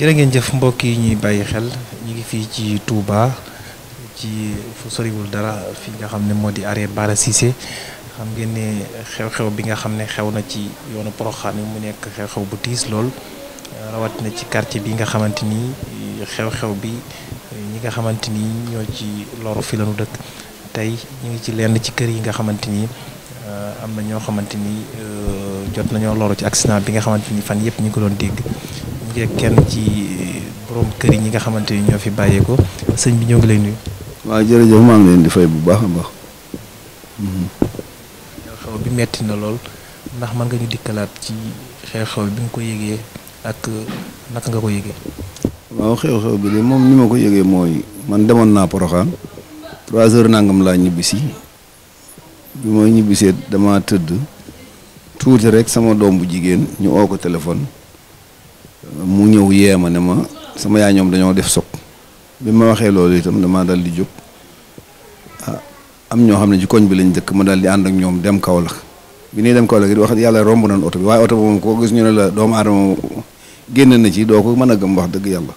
jërë ngeen jëf mbokk yi ñuy bàyyi xel ñu ngi fii ci Touba ci fu soriwul dara fi nga xam ne moo di arrêt Bara Cissé xam ngeen ne xew-xew bi nga xam ne xew na ci yoonu Poroxaan mu nekk xew bu tiis lool rawatina ci kartie bi nga xamante ni xew-xew bi ñi nga xamante ni ñoo ci loru fi lañu dëkk tey ñu ngi ci lenn ci kër yi nga xamante ni am na ñoo xamante ni euh, jot nañoo loru ci accident bi nga xamante ni fan yëpp ñu ko doon dégg. mujjee kenn ci borom kër yi ñi nga xamante ni ñoo fi bàyyeekoo sëñ bi ñoo ngi lay nuyu. waaw jërëjëf maa ngi leen di fay bu baax a baax. xew-xew bi metti na lool ndax mën nga ñu dikkalaat ci xew-xew bi nga ko yëgee ak naka nga ko yëgee. waaw xew-xew bi de moom ni ma ko yëgee mooy man demoon naa Poroxaan trois heures nangam laa ñibbisi bi ma ñibbisee dama tëdd tuuti rek sama doom bu jigéen ñu oo ko téléphone. mu ñëw yee ma ne ma sama yaay ñoom dañoo def sog bi ma waxee loolu itam damaa dal di jóg ah am ñoo xam ne ci koñ bi lañ dëkk ma dal di ànd ak ñoom dem Kaolack bi ñuy dem Kaolack it wax yàlla romb nañ oto waaye oto bi koo gis ñu ne la doomu aadama na ci doo ko mën a gëm wax dëgg yàlla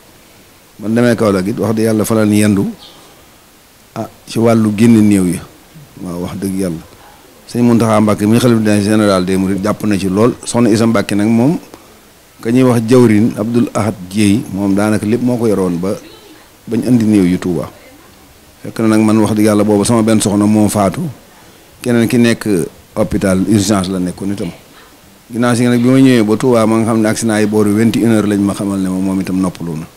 man demee Kaolack it wax dëgg yàlla falal ni yendu ah ci wàllu génn néew yi waaw wax dëgg yàlla sëñ Mountakha Mbacké mi xalifa général des mourides jàpp na ci lool soxna Isa Mbacké nag moom ka ñuy wax jawrin Abdul Ahad Jéey moom daanaka lépp moo ko yoroon ba bañ andi néew yu Tuuba fekk na nag man wax dëgg yàlla boobu sama benn soxna moo faatu keneen ki nekk hôpital urgence la nekkoon itam ginnaaw si nag bi ma ñëwee ba Tuuba ma nga xam ne accident naa booru vingt et une heures lañ ma xamal ne moom itam noppalu na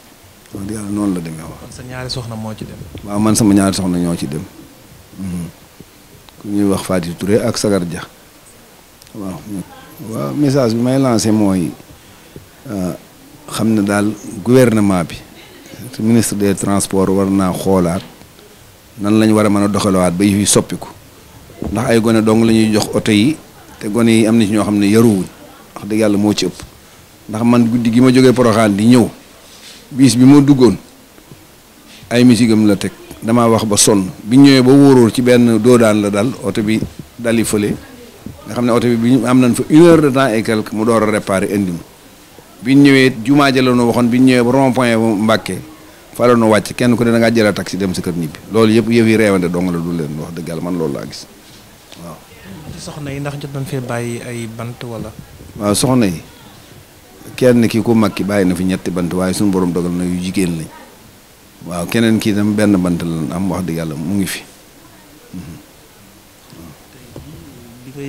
wax la demee wax. kon sa ñaari soxna moo ci dem. waaw man sama ñaari soxna ñoo ci dem mhm. ku ñuy wax Fatou ture ak Sagar Dia waaw message bi may lancé mooy. Euh, xam ne daal gouvernement bi ministre des transport war naa xoolaat nan lañu war a mën a doxalewaat ba yuy soppiku ndax ay gone dong la ñuy jox oto yi te gone yi am na ci ñoo xam ne yaruwuñ wax dëgg yàlla moo ci ëpp ndax man guddi gi ma jógee Poroxaan di ñëw biis bi ma duggoon ay misigam la teg damaa wax ba sonn bi ñëwee ba wóoróor ci benn doodaan la dal oto bi dali fële nga xam ne oto bi bi am nañ fa une heure de temps et mu door a réparé indi ma bi ñu ñëwee jumaa ja waxoon bi ñu ñëwee ba rond point Mbàkke fa wàcc kenn ku ne da ngaa jëla taxi dem si kër ñibbi loolu yëpp yëf yi reewante dong la du leen wax dëgg yàlla man loolu laa gis waaw. soxna yi ndax jot nañ bàyyi ay bant wala. soxna yi kenn ki ku mag ki bàyyi na fi ñetti bant waaye suñu borom dogal na yu jigéen lañ waaw keneen kii tam benn bant lañ am wax dëgg yàlla mu ngi fi.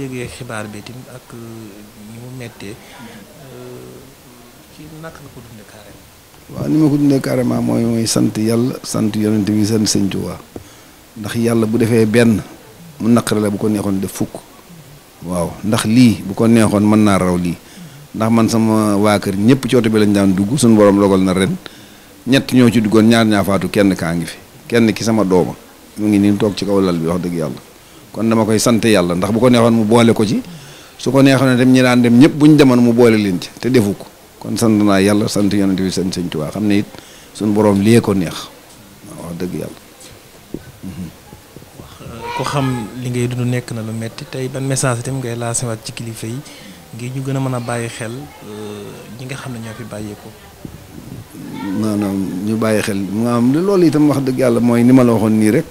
bi xibaar bi ci waaw ni ma ko dundee carrément mooy mooy sant yàlla sant yonent bi sant sëñ Tuubaa ndax yàlla bu defee benn mu naqare la bu ko neexoon def fukk waaw ndax lii bu ko neexoon mën naa raw lii ndax man sama waa kër ñëpp cooto oto bi lañ daan dugg suñu borom logal na ren ñett ñoo ci duggoon ñaar ñaa kenn kaa ngi fi kenn ki sama dooma mu ngi nii toog ci kaw lal bi wax dëgg yàlla kon dama koy sant yàlla ndax bu ko neexoon mu boole ko ci su ko neexoon dem ñi daan dem ñëpp bu ñu demoon mu boole leen ci te defu ko kon sant naa yàlla sant yonent bi sant sëñ waa xam ne it suñu boroom lii ko neex wax dëgg yàlla. ko xam li ngay dund nekk na lu metti tey ban message itam ngay laasewaat ci kilifa yi ñu gën a mën a bàyyi xel euh, ñi nga xam ne ñoo fi bàyyeekoo. maanaam ñu bàyyi xel maanaam loolu itam wax dëgg yàlla mooy ni ma la waxoon nii rek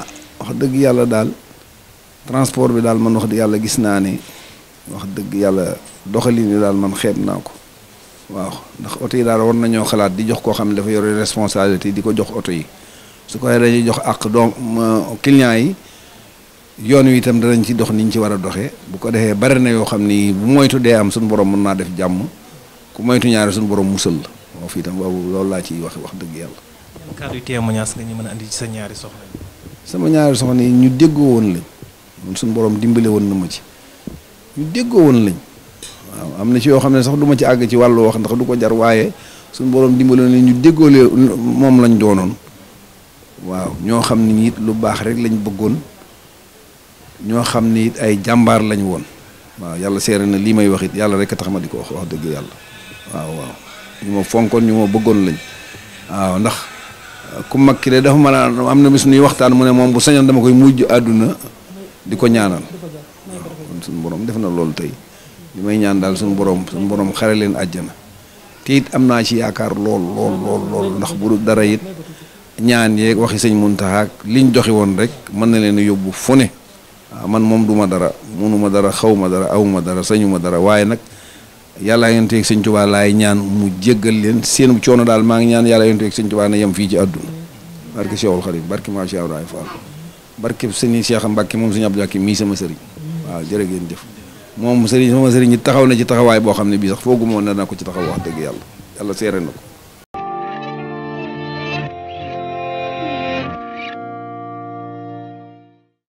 ah wax dëgg yàlla daal transport bi daal man wax dëgg yàlla gis naa ne wax dëgg yàlla doxalin yi daal man xeeb naa ko. waaw ndax oto yi daal war nañoo xalaat di jox koo xam ne dafa yore responsabilité di ko jox oto yi su ko dañuy jox ak doom client yi yoon wi itam danañ ci dox niñ ci war a doxee bu ko defee bari na yoo xam ni bu moytu dee am suñu borom mën naa def jàmm ku moytu ñaari suñu borom musal la waaw fii itam boobu loolu laa ciy wax wax dëgg yàlla. yan kàddu témoignage nga ñu mën a andi ci sa ñaari soxna sama ñaari soxna yi ñu déggoo woon lañ man suñu borom dimbale woon na ma ci ñu déggoo woon lañ. waaw am na ci yoo xam ne sax duma ci àgg ci wàllu wax ndax du ko jar waaye suñu borom dimbali na ñu déggoole moom lañ doonoon waaw ñoo xam ni it lu baax rek lañ bëggoon ñoo xam ni it ay jàmbaar lañ woon waaw yàlla seere na lii may wax it yàlla rek a tax ma di ko wax wax dëgg yàlla waaw waaw ñu ma fonkoon ñu ma bëggoon lañ waaw ndax ku mag ki de dafa mën a am na bis ñuy waxtaan mu ne moom bu sañoon dama koy mujj àdduna di ko ñaanal. kon suñu boroom def na loolu tey li may ñaan daal suñu borom suñu boroom xare leen àjjana te it am naa ci yaakaar lool lool ndax bu dara it ñaan yeeg waxi sëñ Muntaxa ak liñ joxe woon rek mën na leen yóbbu fu ne waaw ah, man moom duma dara munuma dara xawma dara awuma dara sañuma dara waaye nag yàllaa yonteeg sëñ Tuubaa laay ñaan mu jéggal leen seen coono daal maa ngi ñaan yàlla yonteeg sëñ Tuubaa na yem fii ci àdduna barke Cheikhul Xadim barke Maam Cheikh Ibrahima Fall barke sëñ Cheikh Mbàkke moom sëñ Abdou Hakim mii sama sëriñ waaw jërë ngeen jëf moom sëriñ sama sëriñ taxaw na ci taxawaay boo xam ne bii sax foogu moon na naa ko ci taxaw wax dëgg yàlla yàlla seere na ko